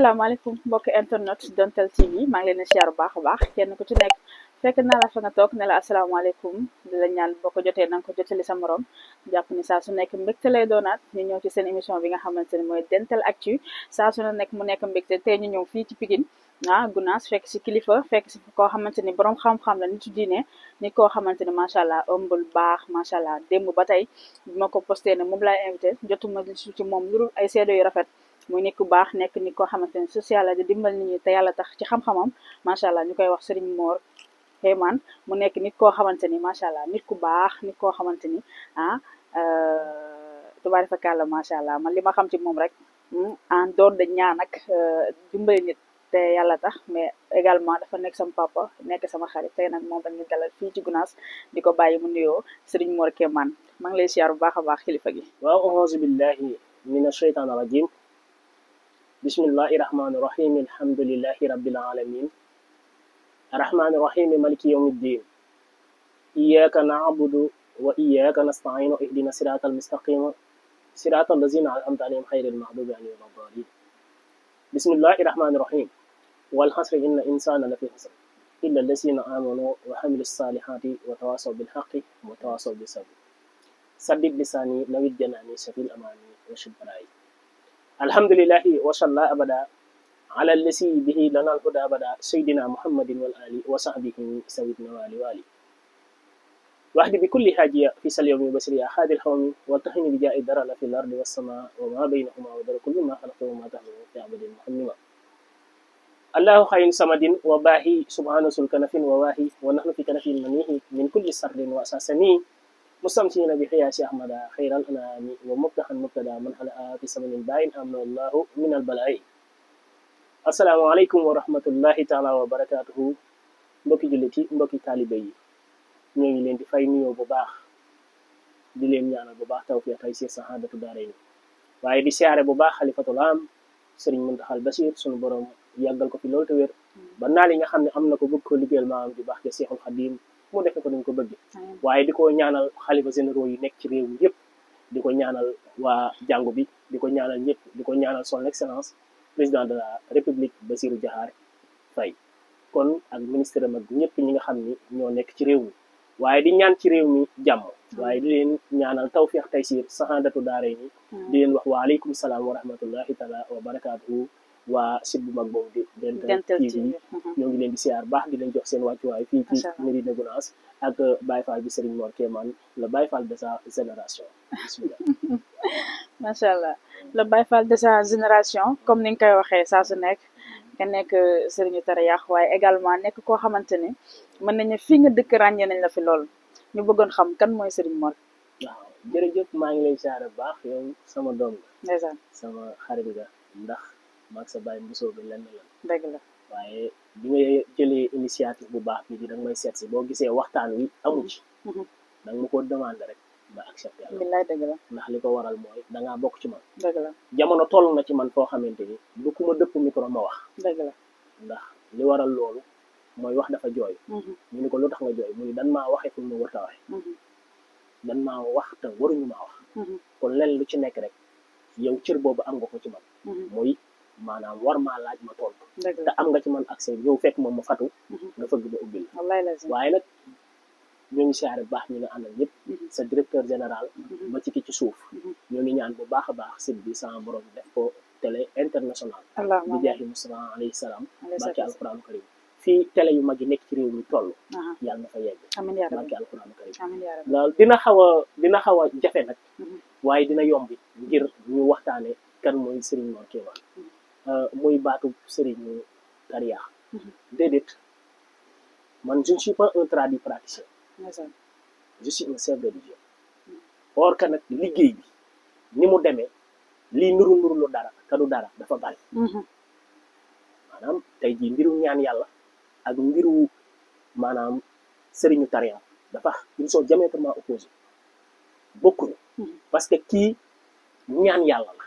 asalaamaaleykum mbokki internet Dontel TV maa ngi leen di siyaar bu baax a baax kenn ku ci nekk fekk naa la fa nga toog ne la asalaamaaleykum di la ñaan boo ko jotee na ko jotali sa morom jàpp ni saa su nekk mbégte lay doonaat ñu ñëw ci seen émission bi nga xamante ne mooy Dental Actu saa su nekk mu nekk mbégte tey ñu ñëw fii ci Pikine na ah, Gunaas fekk si kilifa fekk si koo xamante ni boroom xam-xam la nitu diine ni koo xamante ni macha allah ëmbul baax macha allah démb ba tey bi ma ko posté ne moom laay invité jotuma ci moom lu dul ay seede yu rafet. muy nit ku baax nekk nit koo xamanteni social la di dimbal nit ñi te yàlla tax ci xam-xamam macha allah ñu koy wax sëriñ Mor Heyman mu nekk nit koo xamante ni macha allah nit ku baax nit koo xamante ni ah euh, tubaari fa kàlla macha allah man li ma xam ci moom rek hmm, en dehors de ñaan ak euh, dimbal nit te yàlla tax mais également dafa nekk sama papa nekk sama xarit tey nag moom dañuy dalal fii ci Gunaas di ko bàyyi mu nuyoo sëriñ Mor Kéemaan maa ngi lay siyaar bu baax a baax gi. waaw auzu billahi mina shaytaani rajim بسم الله الرحمن الرحيم الحمد لله رب العالمين الرحمن الرحيم ملك يوم الدين إياك نعبد وإياك نستعين اهدنا الصراط المستقيم صراط الذين أنعمت عليهم غير المغضوب عليهم ولا الضالين بسم الله الرحمن الرحيم والحسر إن الإنسان لفي خسر إلا الذين آمنوا وحملوا الصالحات وتواصوا بالحق وتواصوا بالصبر صدق لساني لو الجناني سفي الأماني وشبرائي الحمد لله وصلى أبدا على الذي به لنا الهدى أبدا سيدنا محمد والآل وصحبه سيدنا والي والي واحد بكل حاجة في سليم البشرية حاد الحوم والتهن بجاء الدرى في الأرض والسماء وما بينهما ودر كل ما خلقه وما تحمل في عبد محمد الله خير سمد وباهي سبحانه ذو وواهي ونحن في كنف منيه من كل سر وأساسني na مستمتعين بحياة أحمد خير الأنعام ومفتحا مبتدا من أنا في سمن باين أمن الله من البلاء السلام عليكم ورحمة الله تعالى وبركاته mbokki jullit yi mbokki taalibe yi ñoo ngi leen di fay nuyoo bu baax di leen ñaanal bu baax tawfiq tay si saxaadatu daare ni waaye di siyaare bu baax xalifatul am sëriñ Muntaxal Basiir sunu borom yàggal ko fi lool te wér ba naa li nga xam ne am na ko bëgg ko liggéeyal maam di baax ja Seexul mu defee ko ni ko bëgg waye diko ñaanal khalifa généraux yi nek ci réew yi yëpp diko ñaanal wa jàngu bi diko ñaanal ñëpp diko ñaanal son excellence président de la république basirou jahar fay kon ak ministre am ak ñëpp ñi nga xamni ni ñoo nekk ci réew waye di ñaan ci réew mi jamm waye di leen ñaanal tawfiq taysir saxaandatu daare ni di leen wax alaykum salaam wa rahmatullahi taala wa barakatuh wa site bu mag di Dental TV ñoo ngi leen di siar baax di leen jox seen wàccuwaay fii ci de Gounass ak Baye Fall bi Serigne Mor Kémane le Baye Fall de sa génération bismillah le Baye Fall de sa génération comme ni nga koy waxee saa su nekk nga nekk Serigne Tarayax waaye également nekk koo xamante ne mën nañu fi nga dëkk ràññee nañ la fi lool ñu bëggoon xam kan mooy Serigne Mor waaw nah, jërëjëf maa ngi lay baax yow sama doom nga sama xarit nga ndax maag sa bàyyi mbusoo bi lenn la dëgg la waaye bi nga jëlee initiative bu baax bi di danga may seet si boo gisee waxtaan wi amu ci mhm. danga ma ko demandé rek ma accepté billaay dëgg la ndax li ko waral mooy dangaa bokk ci man dëgg la jamono toll na ci man foo xamante du ku ma micro ma wax dëgg la ndax li waral loolu mooy wax dafa jooy mhm. ñu ni ko lu nga jooy mu dan maa waxee fu mu warta waxee mhm. dan maa wax te waruñu maa wax kon lenn lu ci nekk rek yow cër boobu am nga ko ci man mooy maanaam war maa laaj ma tontu. te am nga ci man accès yow fekk moom ma fatu. Mhm. nga fëgg ba ubbi la. waaye nag ñoo ngi siyaare bu baax ñu ngi àndal ñëpp. Mhm. sa directeur général. ma mhm. ci ki ci suuf. ñoo ngi ñaan bu baax a baax site bi sama borom def ko télé international. bi jaaxi Mustafa alayhi salaam. barke alquraan karim fii télé yu mag yi nekk ci réew mi toll. yàlla na fa yegg. amiin yaa rabbi barke alquraan karim. loolu dina xaw a dina xaw a jafe nag. waaye dina yombi ngir ñu waxtaane kan mooy Serigne Mor Uh, moy batu serigne karia ah. mhm. dedet man je ne suis pas un tradi praticien je suis un chef religieux or que kan nak liguey bi ni mu demé ya. li nuru nuru lu dara te du dara dafa bari mhm. manam tay ji mbiru ñaan yalla ak mbiru manam serigne tariya ah. dafa ils sont diamétralement opposés beaucoup mhm. parce que ki ñaan yalla la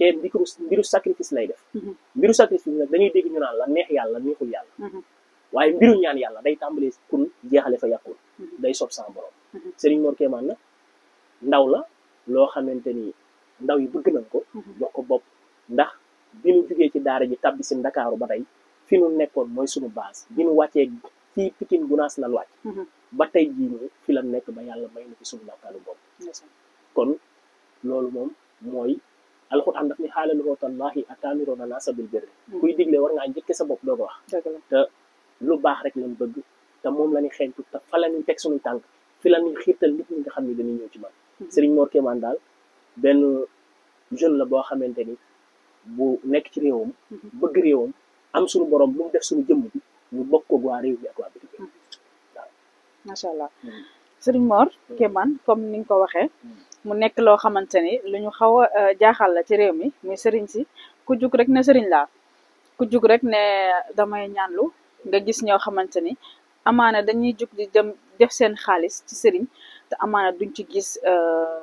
kee mbiru mbiru sacrifice lay def. Mhm. mbiru sacrifice nag dañuy dégg ñu naan la neex yàlla neexul yàlla. Mhm. waaye mbiru ñaan yàlla day tàmbalee kun jeexale fa yàqul. Mhm. day sob sans borom. Serigne Mor Kéemaan nag ndaw la loo xamante ni ndaw yi bëgg na ko. jox ko bopp ndax bi nu jugee ci daara ji tabbi si ndakaaru ba tey fi nu nekkoon mooy sunu baas bi nu wàccee fii Pikine Gunaas la wàcc. ba tey jii nii fi la nekk ba yàlla may na ci sunu ndakaaru bopp. kon loolu moom mooy. alxuraan daf ni xaalal wootallahi ataamiruuna naasa bil birri hmm. kuy digle war ngaa njëkke sa bopp doog a wax te lu baax rek lañ bëgg te moom la ñuy tu te fa la ñuy teg suñu tànk fi la ñuy xiirtal nit ñi nga xam ne dañuy ñëw ci man hmm. Serigne Mor Kémane daal benn jeune la boo xamante ni bu nekk ci réewam hmm. bëgg réewam am suñu borom lu mu def suñu jëmm bi ñu bokk ko waa réew bi ak waa bitim waaw macha allah Serigne Mor Kémane comme ni ko waxee mu nekk loo xamante ni lu ñu xaw a euh, jaaxal la ci réew mi muy sëriñ si ku jug rek ne sëriñ laa ku jug rek ne damay ñaanlu nga gis ñoo xamante ni amaana dañuy jug di dem def seen xaalis ci sëriñ te amaana duñ ci gis euh,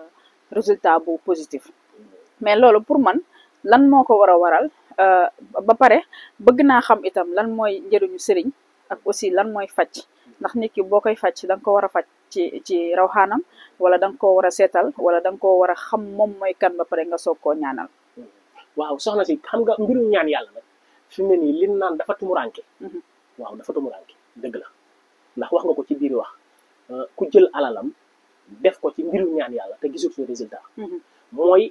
résultat bu positif mais loolu pour man lan moo ko war a waral euh, ba pare bëgg naa xam itam lan mooy njëriñu sëriñ ak aussi lan mooy faj ndax nit ki boo koy faj da nga ko war a faj ci ci rawxaanam wala danga nga koo war a seetal wala danga nga koo war a xam moom mooy kan ba pare nga soog koo ñaanal. waaw soxna si xam nga mbirum ñaan yàlla nag ne nii li naan dafa tumuranke mhm. waaw dafa tumuranke dëgg la ndax wax nga ko ci biir wax euh, ku jël alalam def ko ci mbiru ñaan yàlla te gisul fi résultat. Mhm. mooy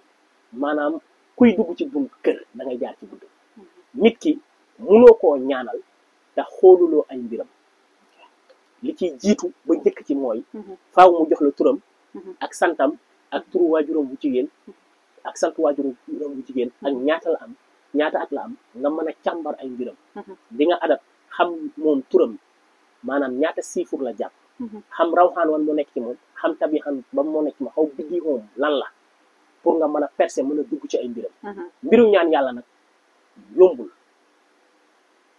maanaam kuy dugg ci bunt kër da ngay jaar ci bunt mhm. nit ki munoo koo ñaanal te xooluloo ay mbiram. li ciy jiitu ba njëkk ci mooy mhm. faaw mu jox la turam mhm. ak santam ak turu waajuram bu jigéen ak sant waajuram bu jigéen ak mhm. ñaata la am ñaata at la am nga mën a càmbar ay mbiram di nga adab xam moom turam maanaam ñaata siifur la jàpp xam rawxaan wan moo nekk ci moom xam tabixaan ba moo nekk ci moom xaw biddi moom lan la pour nga mën a percer mën a dugg ci ay mbiram mbiru ñaan yàlla nag yombul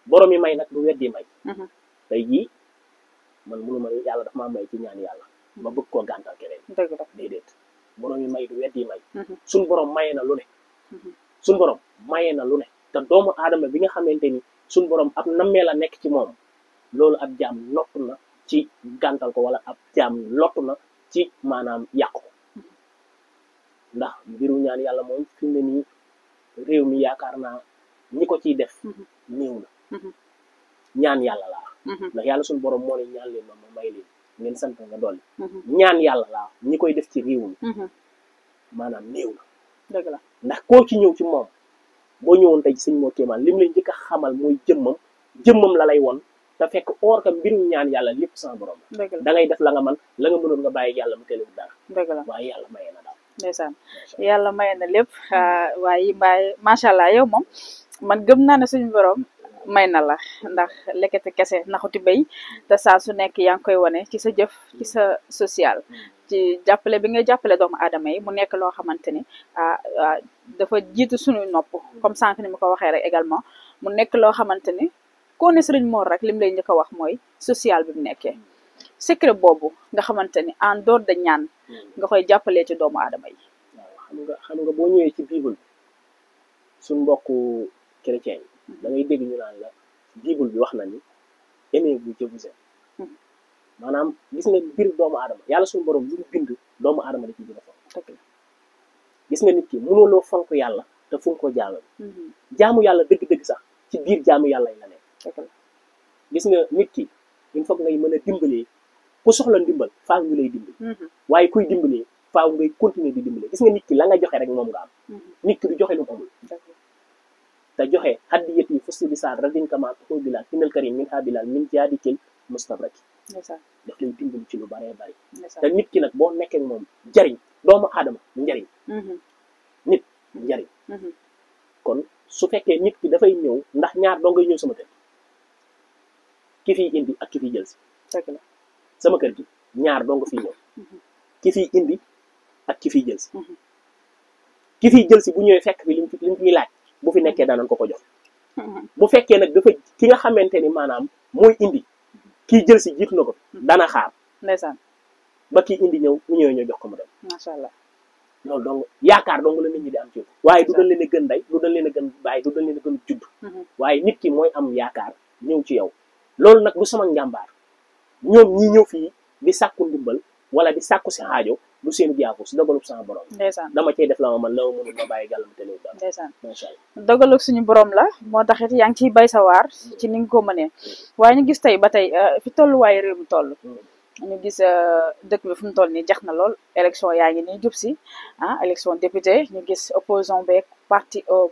borom may nag du weddi may tey jii man mënu ma yàlla ya daf maa may ci ñaan ya yàlla ma hmm. bëgg koo gàntal keneen dëgg déedéet borom yi may du weddi may hmm. suñ borom maye na lu ne hmm. suñ borom maye na lu ne te doomu aadama bi nga xamante ni suñ borom ab nammee la nekk ci moom loolu ab jaam lott na ci gàntal ko wala ab jaam lott na ci maanaam yàqu ndax mbiru ñaan yàlla moom fi mu ne nii réew mi yaakaar naa ñi ko ciy def néew na ñaan yàlla laa Mm-hmm. ndax yàlla suñu borom moo ne ñaan leen ma may leen ngeen sant nga dolli mm-hmm. ñaan yàlla la ñi koy def ci réew mi mm-hmm. maanaam néew na dëgg la ndax koo ci ñëw ci moom boo ñëwoon tey sëñ moo kéemaan lim lay njëkk a xamal mooy jëmmam jëmmam la lay won te fekk or ka mbirum ñaan yàlla lépp sans borom da ngay def la nga man la nga mënoon nga bàyyi yàlla mu teelewul dara dëgg la waaye yàlla maye na daal ndeysaan yàlla maye na lépp ah, waaye allah yow moom man gëm naa ne suñu borom may na la ndax lekkete kese naxuti béy te saa su nekk yaa ngi koy wane ci sa jëf ci sa social ci jàppale bi nga jàppale doomu aadama yi mu nekk loo xamante ni ah, ah dafa jiitu suñu nopp comme sànq ni ko waxee rek également mu nekk loo xamante ni koo ne Sëriñ Mor rek lim lay njëkk a wax mooy sociale bi mu nekkee secret boobu nga xamante ni en dehors de ñaan nga koy jàppalee ci doomu aadama yi. xam nga xam nga boo ñëwee ci bible suñ mbokku chrétien da ngay dégg ñu naan la bible bi wax na ni aimez bu Dieu vous hmm. maanaam gis nga biir doomu aadama yàlla suñu borom lu mu bind doomu aadama da ciy gën a fonk gis nga nit ki mënoo loo yàlla te fu ko jaamal hmm. jaamu yàlla dëgg-dëgg sax ci biir jaamu yàlla yi la nekk gis nga nit ki il faut ngay mën a dimbalee ku soxla ndimbal faaw ñu lay dimbali hmm. waaye kuy dimbalee faaw ngay continuer di dimbalee gis nga nikki ki la nga joxe rek moom nga am nit du joxe lu amul te joxe haddiyat yi fusti bi saar radin kama tuxoo bilal kinal karim min ha bilal min jaadikil mustabraki daf lay dimbali ci lu bëree bëri te nit ki nag boo nekkee moom njariñ doomu aadama njariñ mm-hmm. nit njariñ mm-hmm. kon su fekkee nit ki dafay ñëw ndax ñaar doo ngay ñëw sama kër ki fiy indi ak ki fiy jël si sama kër gi ñaar doo nga fiy ñëw mm-hmm. ki fiy indi ak ki fiy jël ki fiy jël bu ñëwee fekk bi lim fi fi laaj bu fi nekkee danañ ko ko jox. Hmm. bu fekkee nag dafa ki nga xamante ni maanaam mooy indi kii jël si jiitu na ko hmm. dana xaar. ndeysaan ba kii indi ñëw mu ñëwee ñëw jox ko mu dem. macha allah loolu donc yaakaar dong la nit ñi di am ci waaye du dañ leen a gën day du dañ leen a gën bàyyi du dañ na a gën judd. Hmm. waaye nit ki mooy am yaakaar ñëw ci yow loolu nag du sama njàmbaar ñoom ñi ñëw fii di sàkku ndimbal wala di sàkku si aajo du seen jaaku si dogalub sama borom. ndeysaan def la ma man la ma mënul ma suñu borom la moo taxit yaa ngi ciy bay sawaar ci ni nga ko mënee mm. waaye ñu gis tey ba tey euh, fi tolluwaayu réew mi toll. Mm. ñu gis euh, dëkk bi fu mu toll nii jax na lool élection yaa ngi nii jub si ah élection député ñu gis opposition beeg parti au euh,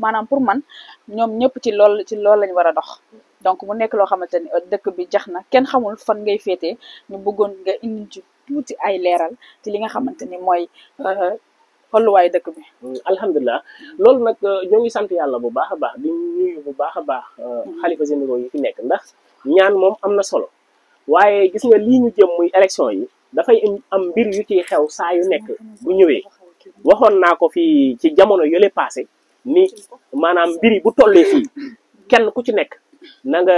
manam pour man ñom ñëpp ci lool ci lool lañ wara dox donc mu nekk lo xamanteni ni euh, bi jaxna ken xamul fan ngay fété ñu bëggoon nga indi ci tuuti ay léral ci li nga xamanteni ni xollu euh, way dekk bi mm, alhamdullah lool nak euh, ñoo ngi sant yàlla bu baaxa baax di nuyu bu baaxa baax khalifa mm-hmm. zinro yi fi nekk ndax ñaan mom amna solo waye gis nga li ñu jëm muy élection yi fay am mbir yu ci xew sa yu nekk bu ñëwé waxon naa ko fii ci jamono yële passé ni maanaam mbir bu tollee fii kenn ku ci nekk na nga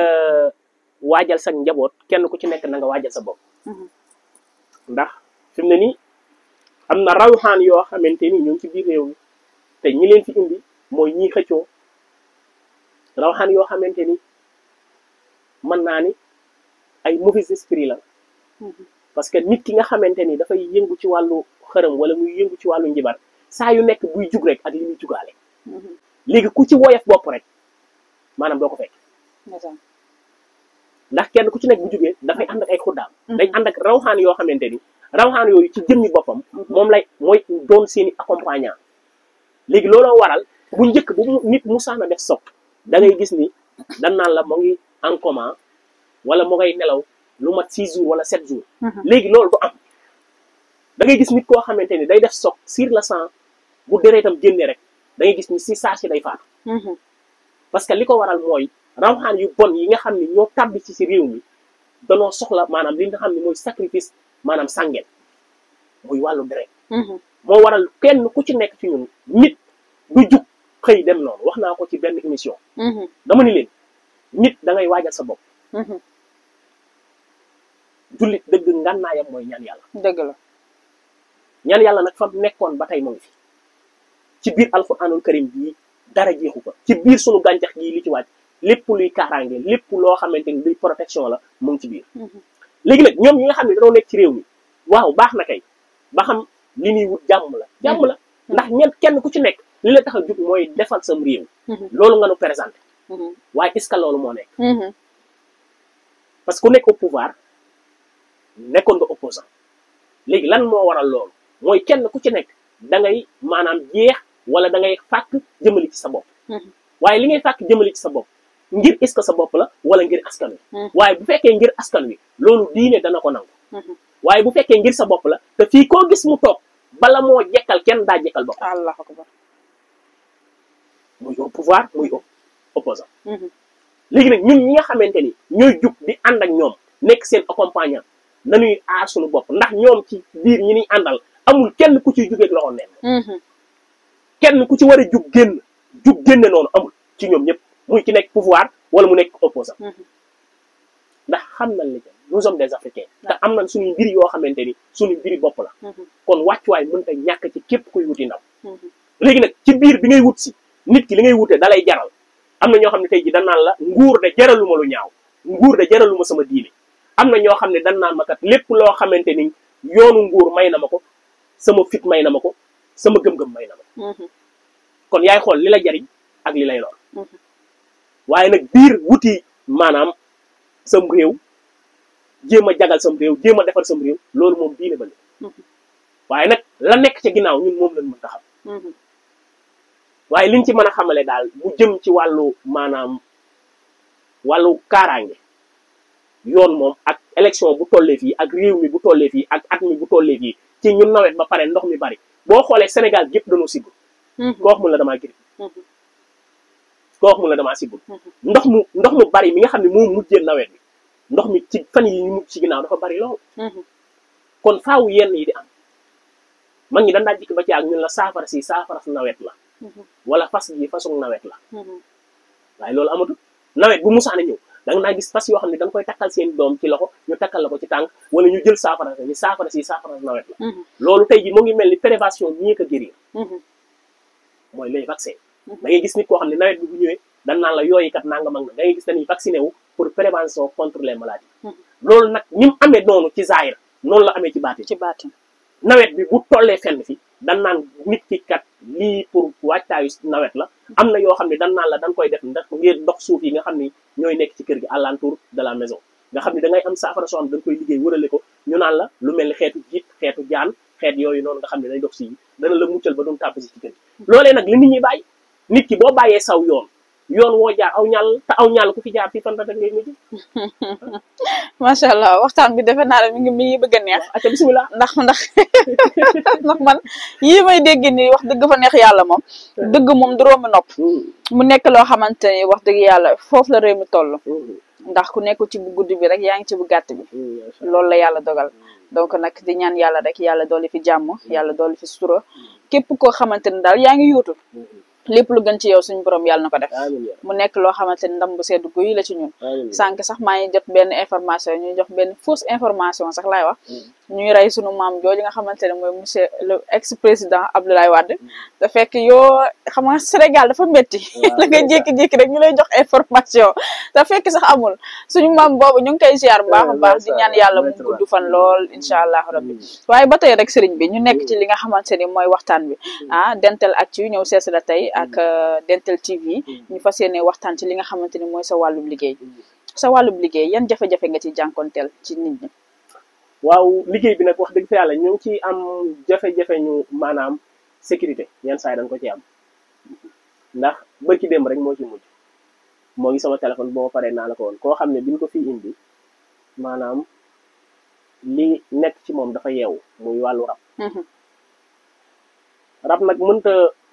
waajal sa njaboot kenn ku ci nekk na nga waajal sa bopp ndax fi mu ne nii am na rawxaan yoo xamante ni ñoo ngi ci biir réew mi te ñi leen fi indi mooy ñiy xëccoo rawxaan yoo xamante ni mën naa ni ay mauvais esprit la parce que nit ki nga xamante ni dafay yëngu ci wàllu xërëm wala muy yëngu ci wàllu njibar saa yu nekk buy jug rek ak li muy jugaale léegi ku ci woyof bopp rek maanaam doo ko fekk. ndax kenn ku ci nekk bu jógee dafay ànd ak ay xuddaam. Mm-hmm. day ànd ak rawxaan yoo xamante ni rawxaan yooyu ci jëmmi boppam. Mm-hmm. moom lay mooy doon seeni accompagnant. léegi looloo waral bu njëkk bu nit musaana def sopp da ngay gis ni dan naan la mu ngi en coma wala mu ngay nelaw lu mat 6 jours wala 7 jours. Mm-hmm. léegi loolu du am da ngay gis nit koo xamante ni day def sopp sur la sang bu tam génne rek. da gis ni si saa si day faatu. Mhm. parce que li ko waral mooy rawxaan yu bon yi nga xam ne ñoo tàbbi ci si réew mi danoo soxla maanaam li nga xam ne mooy sacrifice maanaam sàngeen muy wàllu deret. Mhm. moo waral kenn ku ci nekk ci ñun nit du jug xëy dem noonu wax naa ko ci benn émission. Mhm. dama ni leen nit da waajal sa bopp. jullit dëgg ngànnaayam mooy ñaan yàlla. dëgg la ñan yàlla nag fa nekkoon ba tey mu fi. ci biir alquranul karim bii dara jeexu fa ci biir sunu gàncax gii li ci wàcc lépp luy kaaraange lépp loo xamante ni luy protection la mu ngi ci biir mhm. léegi nag ñoom ñi nga xam ne dañoo nekk ci réew mi waaw baax na kay ba xam li ñuy wut jàmm la jàmm la mhm. ndax ñen kenn ku ci nekk li la tax a jug mooy defal sam réew mhm. loolu nga nu présenté waaye est-ce que loolu moo nekk parce que ku nekk au pouvoir nekkoon nga opposant léegi lan moo waral loolu mooy kenn ku ci nekk da maanaam jeex wala da ngay fàkk jëmali ci sa bopp mm-hmm. waaye li ngay fàkk jëmali ci sa bopp ngir est sa bopp la wala ngir askan wi mm-hmm. waaye bu fekkee ngir askan wi loolu diine dana ko nangu mm-hmm. waaye bu fekkee ngir sa bopp la te fii koo gis mu toog bala moo jekkal kenn daa jekkal bopp allah akbar muy au pouvoir muy au opposant léegi nag ñun ñi nga xamante ni ñooy jug di ànd ak ñoom nekk seen accompagnant nañuy aar sunu bopp ndax ñoom ci biir ñi ñuy àndal amul kenn ku ci jugeeg loxo neen kenn ku ci war a jug génn jug génne noonu amul ci ñoom ñëpp muy ki nekk pouvoir wala mu nekk opposant mhm. ndax xam nañ la nous sommes des africains te am nañ suñu mbir yoo xamante ni suñu mbiri bopp la mhm. kon wàccuwaay mën ta ñàkk ci képp kuy wuti ndaw mhm. léegi nag ci biir bi ngay wut si nit ki li ngay wutee dalay jaral am na ñoo xam ne tey ji dañ naan la nguur de jaraluma lu ñaaw nguur de jaraluma sama diine am na ñoo xam ne dañ naan ma kat lépp loo xamante ni yoonu nguur may na ma ko sama fit may na ko sama gëm-gëm may na ma mhm. kon yaay xool li la jariñ ak li lay lor mhm. waaye nag biir wuti maanaam sam réew jéem a jagal sam réew jéem a defar sam réew loolu moom diine ba ne mhm. waaye nag la nekk ci ginnaaw ñun moom lañ mën a xam waaye liñ ci mën a xamale daal mu jëm ci wàllu maanaam wàllu kaaraange yoon moom ak élection bu tollee fii ak réew mi bu tollee fii ak at mi bu tollee fii ci ñu nawet ba pare ndox mi bari boo xoolee Sénégal gépp dañoo sibbul. Mhm. koo wax mu la damaa grippe. Mhm. koo wax mu la damaa sibbul. Mhm. ndox mu ndox mu bari mi nga xam ne moo mujjee nawet bi ndox mi ci fan yi ñu mujj ci ginnaaw dafa bari lool. kon faaw yenn yi di am mag ñi dañ daa ba ci ñun la saafara si saafara nawet la. wala fas gi façon nawet la. waaye loolu amatul nawet bu musaana ñëw. da nga naa gis fas yoo xam ne da koy takkal seen doom ci loxo ñu takkal la ko ci tànk wala ñu jël saafara ni saafara si nawet la mm-hmm. loolu tey ji mu ngi mel ni prévention mieux que guérir mm-hmm. mooy les vaccins mm-hmm. da gis nit koo xam ne nawet bu ñëwee dan naan la yooyu kat nanga mag na da ngay gis dañuy vacciné wu pour prévention contre les maladies loolu nag ni mu amee noonu ci zaahir noonu la amee ci baat baatin ci baat yi nawet bi bu tollee fenn fi dan naan nit ki kat lii pour wàccaayu nawet la am na yoo xam ne dan naan la dan koy def ndax ngir ndox suuf yi nga xam ni ñooy nekk ci kër gi alentour de la maison nga xam ne dangay am saafara soo xam dañ koy liggéey wërale ko ñu naan la lu mel ni xeetu jiit xeetu jaan xeet yooyu noonu nga xam ne day dox si dana la muccal ba doon tàbbasi ci kër gi loolee nag li nit ñi bàyyi nit ki boo bàyyee saw yoon yoon woo jaar aw ñal te aw ñaal ku fi jaar fii fan la ngay mujj. macha allah waxtaan bi defe naa ne mi ngi bëgg a neex. ak bisimilah ndax ndax ndax man yii may dégg ni wax dëgg fa neex yàlla moom. dëgg moom du romb nopp. Mm. mu nekk loo xamante ni wax dëgg yàlla foofu la réew mi toll. Mm. ndax ku nekk ci bu gudd bi rek yaa ngi ci bu gàtt bi. Mm, loolu la yàlla dogal. donc nag di ñaan yàlla rek yàlla dolli fi jàmm yàlla dolli fi sutura képp koo xamante daal yaa ngi yuutu. lepp lu gën ci yow suñu borom yalla nako def ya mu nek lo xamanteni ndam bu sedd guuy la ci ñun ya sank sax maa ngi jot ben information ñu jox ben fausse information sax lay wax mm. ñuy ray suñu mam jooju nga xamanteni moy monsieur le ex président abdoulay wad da mm. fekk yo xam nga Sénégal dafa metti la nga jek jek rek ñu lay jox information da fekk sax amul suñu mam bobu ñu ngi ziar baax eh, baax di ñaan yalla mu guddu fan lool inshallah rabbi mm. waye ba rek sëriñ bi ñu nek ci li nga xamanteni moy waxtaan bi ah Dental ci ñew sees la tay ak mm. euh, Dental TV mm. ñu fas yéene waxtaan ci li nga xamante ni mooy sa wàllum liggéey mm. sa wàllum liggéey yan jafe-jafe nga ci jànkonteel ci nit ñi waaw liggéey bi nag wax dëgg fa yàlla ñu ngi ci am jafe-jafe ñu maanaam sécurité yenn saa yi dañ ko ci am ndax ci démb rek moo ci mujj moo ngi sama téléphone boo paree naa la ko woon koo xam ne bi ñu ko fii indi maanaam li nekk ci moom dafa yeewu muy wàllu rab mm-hmm. rab nag mënta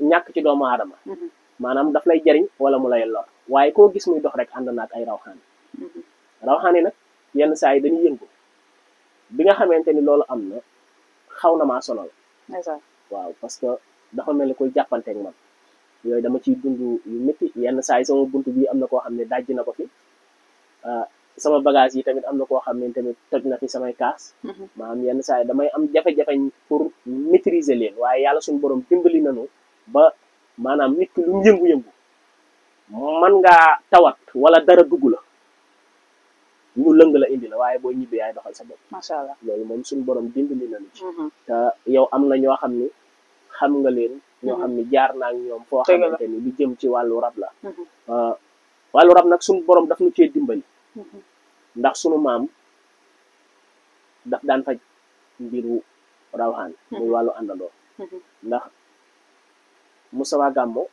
ñàkk ci doomu aadama mhm. maanaam daf lay jariñ wala mu lay lor waaye koo gis muy dox rek ànd na ak ay rawxaan mhm. rawxaan yi nag yenn saa yi dañuy ko bi nga xamante ni loolu am na xaw na maa sonal waaw parce que dafa mel ni koy jàppanteek man yooyu dama ciy dund yu métti yenn saa yi sama bunt bii am na koo xam ne dàjj na ko fi ah, sama bagage yi tamit am na koo xam ne tamit toj na fi samay kaas maanaam mhm. yenn saay yi damay am jafe-jafe pour maîtriser leen waaye yàlla suñu boroom dimbali nañu ba maanaam nit ki lu mu yëngu man ngaa tawat wala dara dugg la ñu lëng la indi la waaye boo ñibbee yaay doxal sa bopp macha allah loolu moom suñu borom dimbali nañu ci mhm. te yow am na ñoo xam ni xam nga leen ñoo mhm. xam ni jaar naa ak ñoom foo xamante ni lu jëm ci wàllu rab la ah, wàllu rab nag suñu borom daf nu cee dimbali ndax sunu maam daf daan faj mbiru rawxaan mhm. muy wàllu àndandoo mhm. ndax Moustapha Gambo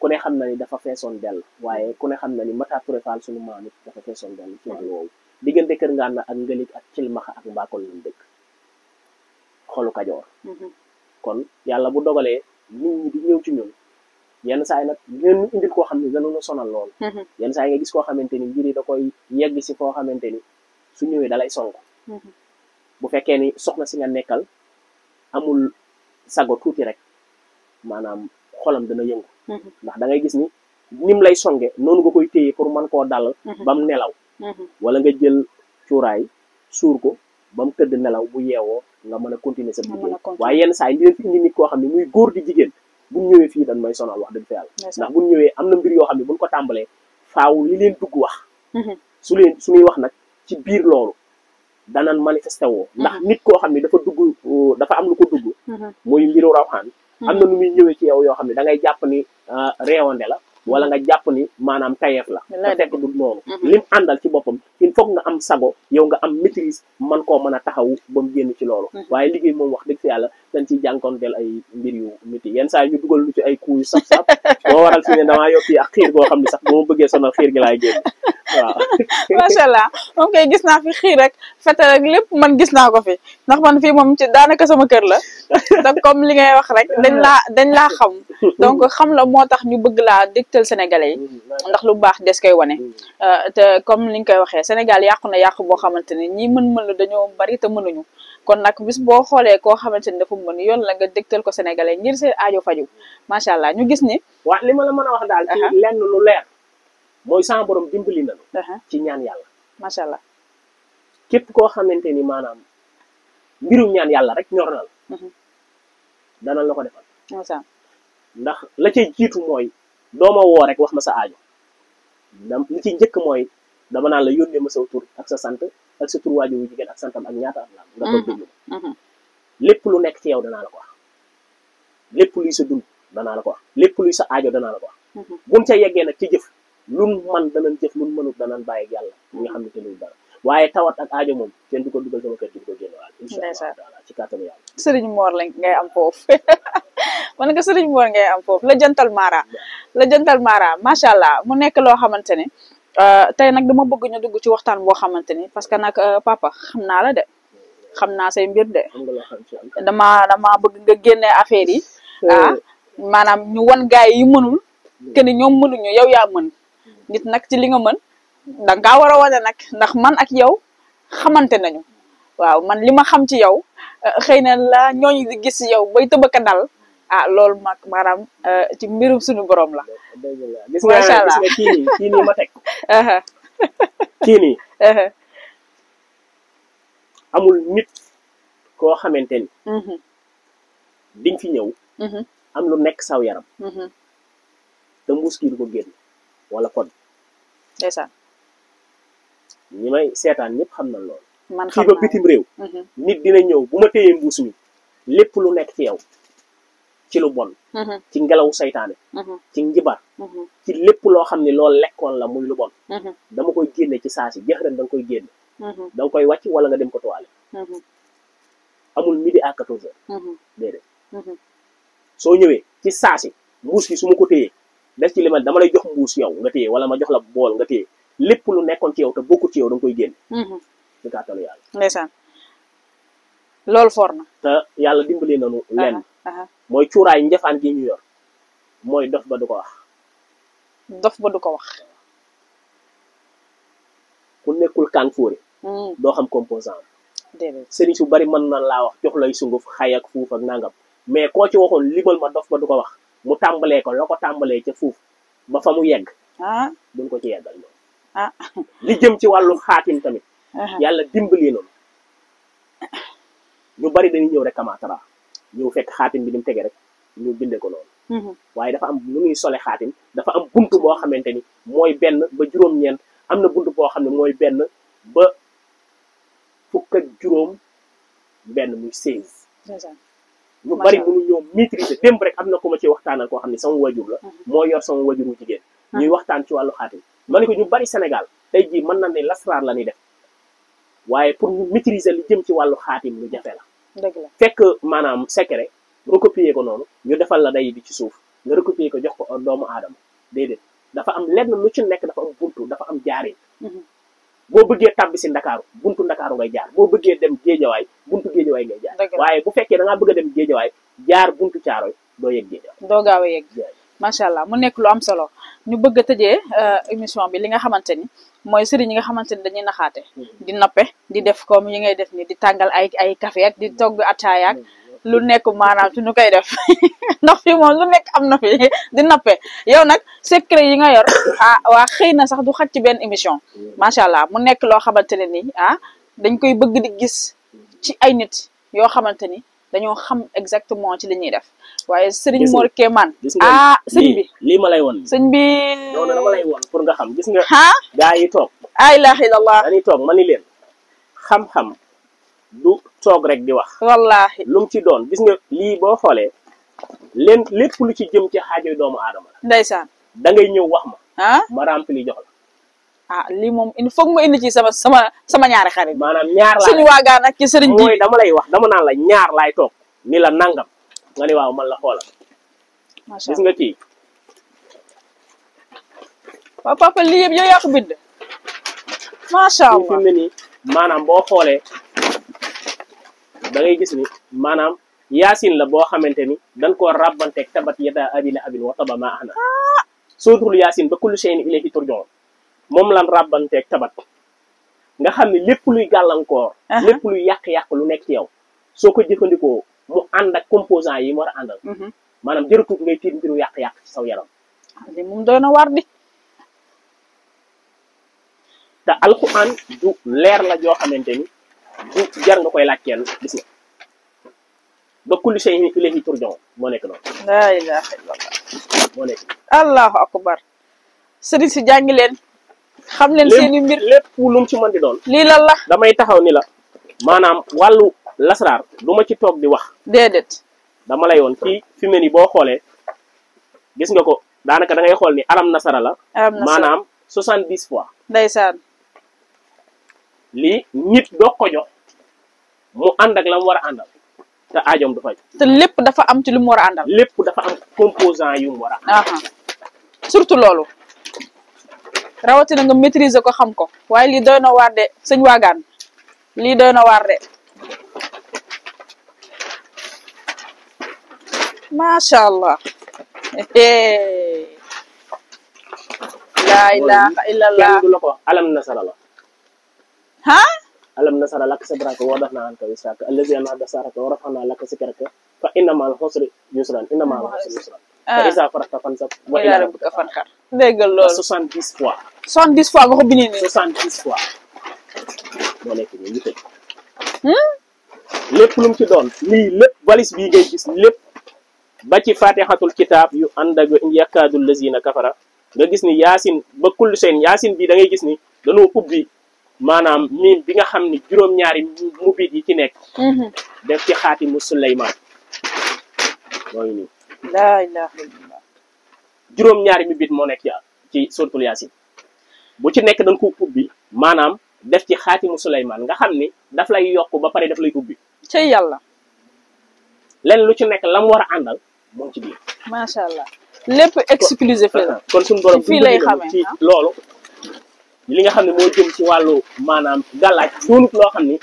ku ne xam na ni dafa feesoon dell waaye ku ne xam na ni Matar Touré Fall sunu maam it dafa feesoon dell ci wàllu woowu diggante kër ngaan ak ngëlig ak cilmaxa ak mbaakol lañ dëkk xolu kajoor mhm. kon yàlla bu dogalee nit ñi di ñëw ci ñun yenn saa nag nag ngeen indil koo xam ne gënoon a sonal loolu mhm. yenn saa yi nga gis koo xamante ni mbir da koy yegg si foo xamante ni su ñëwee dalay song mhm. bu fekkee ni soxna si nga nekkal amul sago tuuti rek maanaam xolam dana yëngu mhm. ndax dangay gis ni nim lay songe noonu nga koy téye pour man koo dal bam nelaw wala nga jël cuuraay suur ko ba mu tëdd nelaw bu yeewoo nga mën a continuer sa liggéey waaye yenn saa yi li fi indi nit koo xam ne muy góor di jigéen buñ ñëwee fii dañ may sonal wax dëgg fa yàlla ndax buñ ñëwee am na mbir yoo xam ne buñ ko tàmbalee faaw li leen dugg wax mm-hmm. su leen suñuy wax nag ci biir loolu danan manifesté woo mm-hmm. ndax nit koo xam ne dafa dugg uh, dafa am lu ko dugg muy mm-hmm. mbiru rawxaan am na nu muy ñëwee ci yaw yoo xam ne dangay ngay jàpp ni uh, réewande la wala nga japp ni manam tayef la te fekk du non mhm. lim andal ci bopam il faut nga am sago yow nga am maîtrise man ko meuna taxaw bam genn ci lolu mhm. waye liggéey mom wax deug ci yalla dañ ci jankon del ay mbir yu métti yeen sa ñu duggal lu ci ay kuy yu saf bo waral fi ne damaa yokk ak xir goo xamni sax bo bëggee sama xir gi lay génn waaw macha allah moom kay gis na fi xir rek fete rek lepp man gis na ko fi ndax man fi mom ci danaka sama kër la da comme li ngay wax rek dañ la dañ la xam donc xam la motax ñu bëgg la dicte dégtal sénégalais ndax lu baax des koy euh te comme li nga koy waxé sénégal yàqu na bo xamanteni ñi mën-mën la dañoo bari te mënuñu kon nak bis bo xolé ko xamanteni ni dafa mën yoon la nga dektal ko sénégalais ngir sé aajo faju macha allah ñu gis ni wax li ma la mëna wax dal ci uh-huh. lenn lu leer moy sa borom dimbali na uh-huh. ci ñaan yàlla macha allah képp koo xamante ni ñaan yalla rek ñor na la uh-huh. dana la ko defal ndax la cey jitu moy doo ma woo rek wax ma sa aajo li ci njëkk mooy dama naan la yónnee ma saw tur ak sa sant ak sa tur waajur wu jigéen ak santam ak ñaata am la nga doon déglu mm-hmm. lépp lu nekk ci yow danaa la ko wax lépp luy sa dund danaa la ko wax lépp luy sa aajo danaa la ko wax mm-hmm. bu mu ca yeggee nag ci jëf lun man danañ jëf lun mënut danañ bàyyi yàlla ñi nga xam ne te luy waaye tawat ak aajo moom kenn du ko dugal sama kër gi du ko génn allah taala ci kàttanu yàlla sëriñ moor lañ ngay am foofu man nga sëriñ moor ngay am foofu la jantal maara la jantal maara macha allah mu nekk loo xamante ne euh, tey nag dama bëgg ñu dugg ci waxtaan boo xamante parce que nag euh, papa xam naa la de xam naa say mbir de dama dama bëgg nga génne affaire yi euh, ah maanaam ñu wan gaay yi mënul que ni ñoom mënuñu yow yaa mën nit nag ci li nga mën da nga wara wane nak ndax man ak yow xamanté nañu waaw man lima xam ci yow eh, xeyna la ñoñu di gis yow bay ka dal ah lool mak maram eh, ci mbirum suñu borom la gis nga gis nga kini kini ma tek eh, kini amul nit ko xamanteni mm-hmm. diñ fi ñew mm-hmm. am lu nekk saw yaram mm-hmm. mbuski du ko genn wala kon ndaysan ñi may seetaan ñëpp xam na lool man xam naa fii ba bitim réew. Mhm. nit dina ñëw bu ma téyee mbuus mi lépp lu nekk ci yow ci lu bon. Mhm. ci ngelaw saytaane. Mhm. ci njibar. ci lépp loo xam ne loolu lekkoon la muy lu bon. dama koy génne ci saa si jeex ren koy génne. da koy wàcc wala nga dem ko toile. amul midi à 14 soo ñëwee ci saasi si mbuus yi su ma ko téyee def ci li ma dama lay jox mbuus yow nga téye wala ma jox la bool nga téye. lépp lu nekkoon ci yow te bokkut ci yow da nga koy génn. Mhm. yàlla. ndeysaan loolu for na. te yàlla dimbali nañu lenn. mooy cuuraay njëfaan gi ñu yor mooy dof ba du ko wax. dof ba du ko wax. ku nekkul kan fóori mhm. doo xam composant sëriñ su bari man na laa wax jox lay sunguf xay ak fuuf ak nangam mais koo ci waxoon limal ma dof ba du ko wax mu tàmbalee ko la ko tàmbalee ca fuuf ba fa mu yegg. Ah. duñ ko ci yeggal ñoom. Ah. li jëm ci wàllu xaatim tamit. yàlla dimbali noonu ñu bari dañuy ñëw rek amaatara ñëw fekk xaatim bi ni mu tege rek ñu bindee ko noonu. Mhm. waaye dafa am nu muy sole xaatim dafa am buntu boo xamante ni mooy benn ba juróom-ñeent am na buntu boo xam ne mooy benn ba fukk juróom benn muy seize. ñu bari mënu ñoo maîtriser démb rek am na ko ma ci waxtaanal koo xam ne sama wajur la. Mhm. moo yor sama wajuru jigéen. Ah. ñuy waxtaan ci wàllu xaatim. ma ne ko ñu bari Sénégal tey jii man na ne lasraar la ñuy def waaye pour ñu maîtriser li jëm ci wàllu xaatim lu jafe la. dëgg la fekk maanaam secret recopier ko noonu ñu defal la day bi ci suuf nga recopier ko jox ko doomu aadama déedéet dafa am lenn lu ci nekk dafa am buntu dafa am jaareen. Mhm. boo bëggee tàbbi si ndakaaru buntu ndakaaru ngay jaar boo bëggee dem géejawaay buntu géejawaay ngay jaar. waaye bu fekkee da ngaa bëgg a dem géejawaay jaar buntu caaroy doo yegg macha allah mu nek lu am solo ñu bëgg a euh émission bi li nga xamanteni ni sëriñ yi nga xamanteni dañuy naxaté mm-hmm. di nappe di def ko yi ngay def ni di tanggal ay ay café ak di togg ataaya ak lu nek manam ci koy def ndax fi mo lu nek am na fi di nappe yow nak secret yi nga yor ah wa xeyna sax du ci émission mm-hmm. mu nek lo xamanteni ni ah dañ koy bëgg di gis ci ay nit yo xamanteni dañoo xam exactement ci lañuy def waaye sëriñ Mor Kéemaan ah sëñ bi lii ma lay woon sëñ bi noonu dama lay woon pour nga xam gis nga ah gaa yi toog ah ilaha illallah dañuy toog ma ni leen xam-xam du toog rek di wax wallahi lu mu ci doon gis nga lii boo xoolee leen lépp lu ci jëm ci xaajoy doomu aadama la ndeysaan da ngay ñëw wax ma ah ma rempli jox la ah lii moom il faut ma indi ci sama sama sama ñaari xarit. maanaam ñaar laa suñu waagaan ak ci sëriñ bi mooy dama lay wax dama naan la ñaar laay toog ni la nangam nga ni waaw man la gis nga papa lii yëpp yow yaa ko bind. macha allah fi mu manam nii maanaam boo xoolee da ngay gis ni maanaam yaasin la boo xamante ni dañ koo tabat yada abila abil wa taba ahna. suutul yaasin ba kullu shay'in ilayhi turjaun moom lan ak tabat nga xamni lepp luy galankor lepp luy yak yak lu nek ci yow soko jëfëndiko mu and ak composant yi mo war andal manam maanaam ngay tiit mbiru yak yak ci saw yaram li ah, moom doona war di te alquran du leer la jo xamanteni du jar nga koy laccel kenn gis nga ba kulli shay'in ilayhi turja'un mo nek non la ilaha illallah mo nek allahu akbar serigne ci jàngi xam leen seen i mbir lépp lu ci mën di doon. lii lan la damay taxaw ni la maanaam wàllu lasaraar du ma ci toog di wax. déedéet. dama lay woon kii fi mu ne nii boo xoolee gis nga ko daanaka da ngay xool ni alam nasara la. alam nasara fois. ndeysaan. lii nit doo ko jox mu ànd ak la mu war a àndal du faj. te lépp dafa am ci lu mu war a àndal. lépp dafa am composant yu mu war surtout loolu na nga maîtriser ko xam ko way li doy na waar de señ wagan li doy na waar de sha allah la ilaha illallah alam nasara la ha alam nasara lak sabraka wa dafna anka wisaka allazi ana dasara wa rafana lak sikarka fa inna ma'al husri yusran inna ma'al husri yusran fa ah. iza farahta fansab wa ila rabbika fanhar dégg loolu soixante dix fois. soixante dix fois nga ko bindee nii. soixante dix fois moo nekk nii ñu tëj. Hmm? lépp lu ci doon lii lépp valise bii ngay gis lépp ba ci fatixatul kitaab yu ànd ak yakaadul lazina kafara nga gis ni yaasin ba kullu seen yaasin bii dangay gis ni dañoo ubbi maanaam miim bi nga xam ni juróom-ñaari mubit yi ci nekk. Hmm. def ci xaatimu Suleymaan mooy nii. laa ilaaha illallaah. juróom ñaari mo nek ya ci suratul yasin bu ci nek dañ ko ubbi manam def ci xaatimu suleymaan nga xamni ni daf lay yokk ba pare daf lay ubbi ci yalla len lu ci nek lam wara andal mo ci bi ma sha allah lepp exclusif la kon sun borom fi lay xamé ci ah. lolu li nga xamni mo jëm ci walu manam galaj doonut lo xamni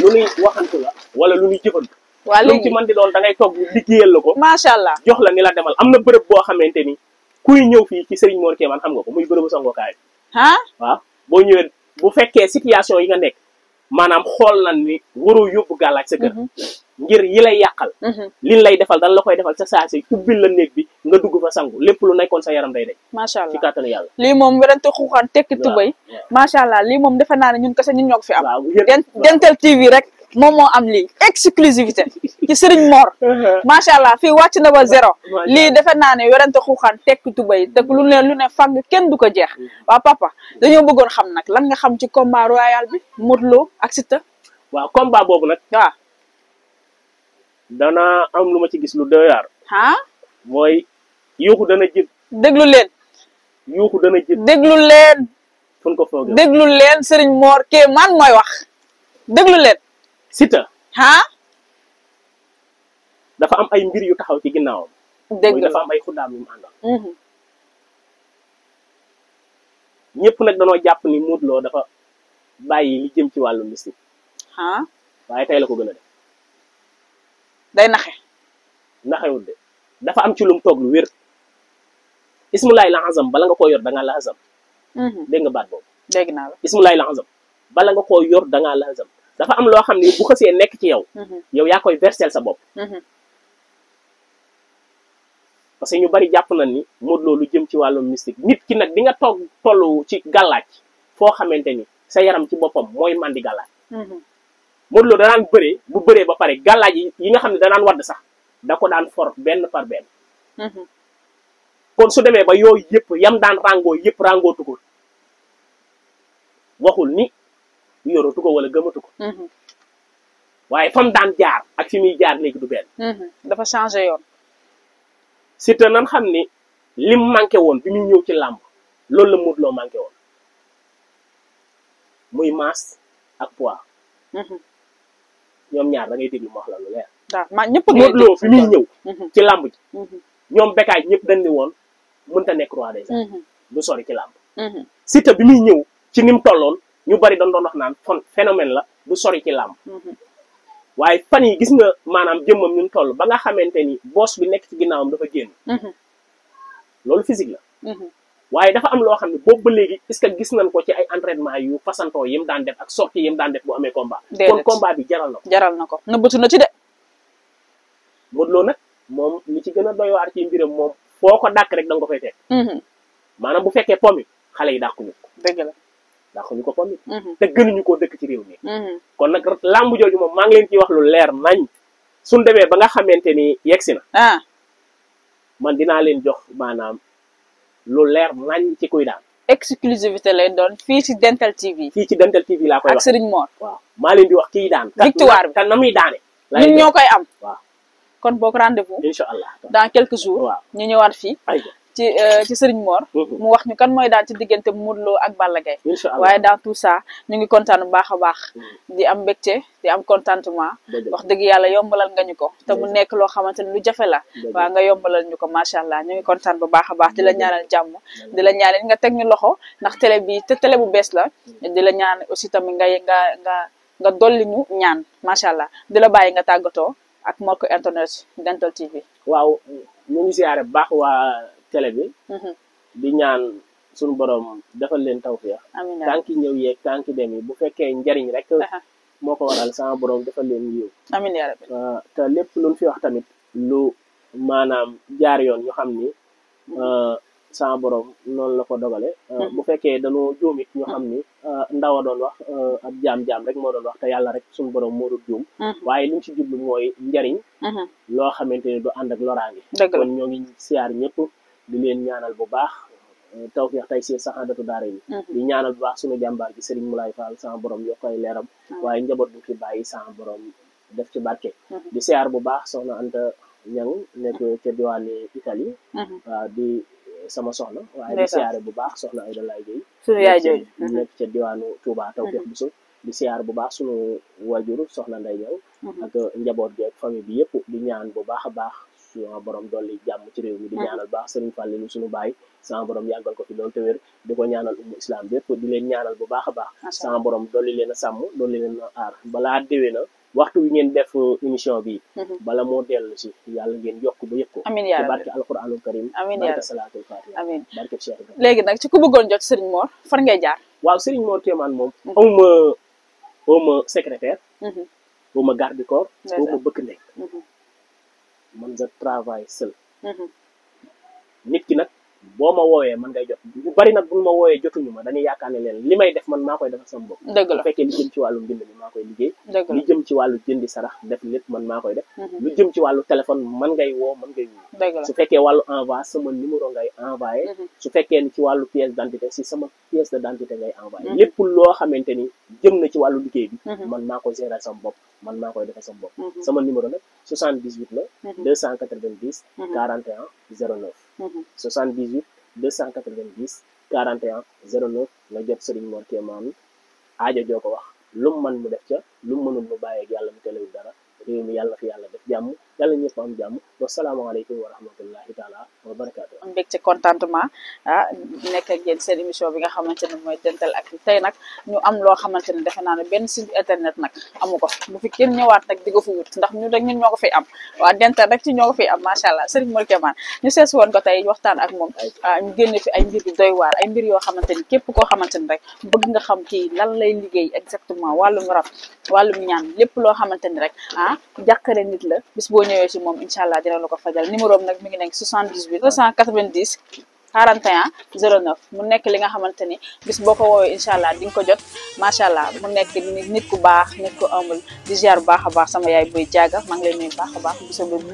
lu ni waxantu la wala lu ni jëfantu walu ci man di doon da ngay toog liggéeyal lako ma sha allah jox la ni la demal amna na bo xamanteni kuy ñëw fii ci Serigne Mor Kéemaan xam nga ko muy bërëbu sangokaay ah waaw boo ñëwee bu fekkee situation yi nga nekk maanaam xool nañ ni waroo yóbbu gàllaaj sa kër mhm. ngir yi lay yàqal mhm. liñ lay defal dan la koy defal sa saa si ubbil la néeg bi nga dugg fa sangu lépp lu nekkoon sa yaram day day macha allah ci kàttanu yàlla lii moom werante xuuxaan tekki tubay macha allah lii moom defe naa ne ñun kese ñun ñoo ko fi am dental tv rek moom moo am lii exclusivité ci Serigne Mor. Uh-huh. macha allah fii wàcc na ba zéro. lii defe naa ne werante xuuxaan tekki tubay te lu ne lu ne fang kenn du ko jeex. Mm-hmm. waa papa dañoo bëggoon xam nag lan nga xam ci combat royal bi Modou Lo ak Siteu. waaw combat boobu nag. waaw. am lu ma ci gis lu doy waar. ah. mooy yuuxu dana jib. déglu leen. yuuxu dana jib. déglu leen. fu ko foogee déglu leen sëriñ moor kee man mooy wax déglu leen. sita ah. dafa am ay mbir yu taxaw ci ginnaawam. dëgg la dafa am ay xuddaam yu mu àndal. Mm-hmm. ñëpp nag danoo jàpp ni Modou Lo dafa bàyyi li jëm ci wàllu mystique. ah waaye tey la ko gën a day naxe. naxewut de dafa am ci lum toog lu wér. ismulaay la azam bala nga koo yor da ngaa la azam. Mm-hmm. dégg nga baat boobu. dégg naa la ismulaay la azam bala nga koo yor da la azam. dafa am loo xam ne bu xësee nekk ci yow mhm. yow yaa koy versel sa bopp mhm. parce que ñu bari jàpp nañ ni mod Lo lu jëm ci wàllum mystique nit ki nag di nga toog toll ci gàllaaj foo xamante sa yaram ci boppam mooy mandi gàllaaj mhm. mod Lo danaan bëree bu bëree ba pare gàllaaj yi nga xam ne danaan wadd sax da ko daan for ben par benn kon su demee ba yooyu yëpp yam daan ràngoo yep ràngootu ko waxul ni yoratu ko wala gëmatu ko. Mhm. waaye fam daan jaar ak fi muy jaar léegi du benn. Mhm. dafa changé yoon. Siteu nan xam ni lim manqué woon bi muy ñëw ci làmb loolu la Modou Lo manqué woon muy masse ak poids. Mhm. ñoom ñaar da ngay déglu ma wax la lu leer. waaw man ñëpp Modou Lo fi ñëw. ci làmb ñoom bekkaay ñëpp dañ woon mënta nekk roi des du sori ci làmb. Siteu bi muy ñëw ci ni tolloon ñu bari doon doon wax naan fon phénomène la bu sori ci làmb waaye fan yi gis na maanaam jëmmam ñu toll ba nga xamante ni boos bi nekk ci ginnaaw ginnaawam dafa génn mhm. loolu physique la mhm. waaye dafa am loo xam ne boobu ba léegi est que gis nañ ko ci ay entraînement yu façantoo yim daan def ak sorti yim daan def bu amee combat kon combat bi jaral na ko jaral na ko nëbbatu na ci de Modou Lo nag moom li ci gën a doy waar ci mbiram moom foo ko dàkk rek da nga ko fay fekk mhm. maanaam bu daxuñu ko fomit mhm. te gënuñu koo dëkk ci réew mi mhm. kon nag lamb jooju moom maa ngi leen ciy wax lu leer nañ suñ demee ba nga xamante ni yegsi na ah. man dinaa leen jox maanaam lu leer nañ ci kuy daan exclusivité lay doon fii ci dental tv fii ci dental tv laa koy wax ak sëriñ moor waaw maa leen di wax kiy daan victoire bi te na muy daane ñun ñoo koy am waaw kon boog rendez vous incha allah dans quelques jours ñu ñëwaat fii ci euh, ci Serigne mhm. mu wax ñu kan mooy daal ci diggante Modou Lo ak Balla Gaye waaye dans tout ça ñu ngi kontaan bu baax a baax. Mhm. di am mbégte di am contentement. wax dëgg yàlla yombalal nga ñu ko. te mu nekk loo xamante ni lu jafe la. waa nga yombalal ñu ko macha allah ñu ngi kontaan bu baax baax di la ñaanal jàmm. di la ñaanal nga teg ñu loxo ndax télé bi te télé bu bees la. Mhm. di la ñaan aussi tamit nga nga nga nga dolli mu ñaan macha allah di la bàyyi nga tàggatoo ak mbokku internet Dental TV. waaw ñu ngi ziare bu baax waa. télé bi mm-hmm. di ñaan suñ borom defal leen taw tawféex tànki ñëw yeeg tànki dem yi bu fekkee njariñ rek uh-huh. moo ko waral sama boroom defal leen yiw amiin yaa rabbi te lépp luñ fi wax tamit lu maanaam jaar yoon ñu xam ni mm-hmm. uh, sama borom noonu la ko dogale uh, mm-hmm. bu fekkee dañoo juumit ñu xam ni uh, ndaw a doon wax ak jaam-jaam rek moo doon wax te yàlla rek suñu borom moo dul juum waaye liñ ci jublu mooy njariñ loo xamante du ànd ak loraange kon ñoo ngi siyaar ñëpp di leen ñaanal bu baax eh, tawfeex tay see saxaandatu daara yi mm-hmm. di ñaanal bu baax suñu jàmbaar gi Serigne Moulay Fall sama borom yokk koy leeram mm-hmm. waaye njaboot bu fi bàyyi sama boroom def ci barke mm-hmm. di siyaar bu baax soxna Anta Ñang nekk ca diwaani Italie di eh, sama soxna waaye di bu baax soxna Ayda Laay Géey suñu nekk ca diwaanu Touba tawfeex bu di siyaar bu baax suñu wajur soxna Nday Ñang ak njaboot gi ak famille bi yëpp di ñaan bu baax a baax sama borom dolli jàmm ci réew mi di mm. ñaanal baax sëriñ Fallou suñu bàyyi sama borom yàggal ko fi loolu te wér di ko ñaanal ummu islam bépp di leen ñaanal bu baax a baax sama borom dolli leen a sàmm dolli leen a aar balaa déwee na waxtu bi ngeen def uh, émission bi mm-hmm. bala moo dellu si yàlla ngeen yokk ba yëg ko amiin yaa barke alquranul karim amiin jaar waaw sëriñ Mor Kémane moom mm-hmm. amuma amuma secrétaire mm-hmm. amuma garde corps amuma bëkk nekk man je travaille seul. Mm-hmm. nit ki nag boo ma woowee man ngay jot bu bari nag buñ ma woowee jotuñu ma dañuy yaakaar ne leen li may def man maa koy defal sama bopp mhm. sama numéro ngay envoyé mhm. su fekkee ni ci wàllu pièce d'identité si sama pièce d'identité ngay envoyé mhm. lépp loo xamante ni jëm na ci wàllu liggéey bi man maa ko gérer sama bopp man 78 290 41 09 nga jot Serigne Mor Kémane aajo joo ko wax lu man mu def ca lu mu mënul mu bàyyeeg yàlla mu telewul dara réew mi yàlla na fi yàlla def jàmm yàlla ñëpp am jàmm wasalaamaaleykum wa rahmatullahi taala wa barakaatu am mbégte contentement ah nekk ak yéen seen émission bi nga xamante ne mooy dental ak tey nag ñu am loo xamante ne defe naa ne benn si internet nag amu ko bu fi kenn ñëwaat nag di ko fi wut ndax ñu rek ñun ñoo ko fi am waa dental rek ci ñoo ko fay am macha allah sëriñ Mor Kémane ñu sees woon ko tey waxtaan ak moom ah, ñu génne fi ay mbir yu doy waar ay mbir yoo xamante ni képp koo xamante ni rek bëgg nga xam kii lan lay liggéey exactement wàllum rab wàllum ñaan lépp loo xamante ni rek ah jàqare nit la boo ñëwee ci moom incha allah dina la ko fajal numéro am nag mi ngi 41 09 mu nekk li nga xamante bis allah di nga ko jot mu nit ku nit ku ëmbal di ziar bu baax sama yaay buy jaaga maa leen bisa ba buk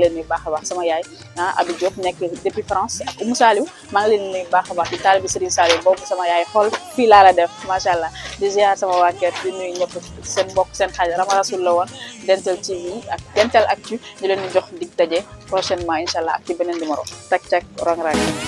leen sama yaay ah Abi Diop nekk depuis France ak Oumou Saliou maa leen nuyu baax a di Serigne sama yaay xool fii laa la def di ziar sama waa kër di nuyu ñëpp seen mbokk seen xaaj Rama la Dental TV ak Dental Actu ñu leen jox dig daje prochainement allah ak ci beneen numéro tak tak rang rang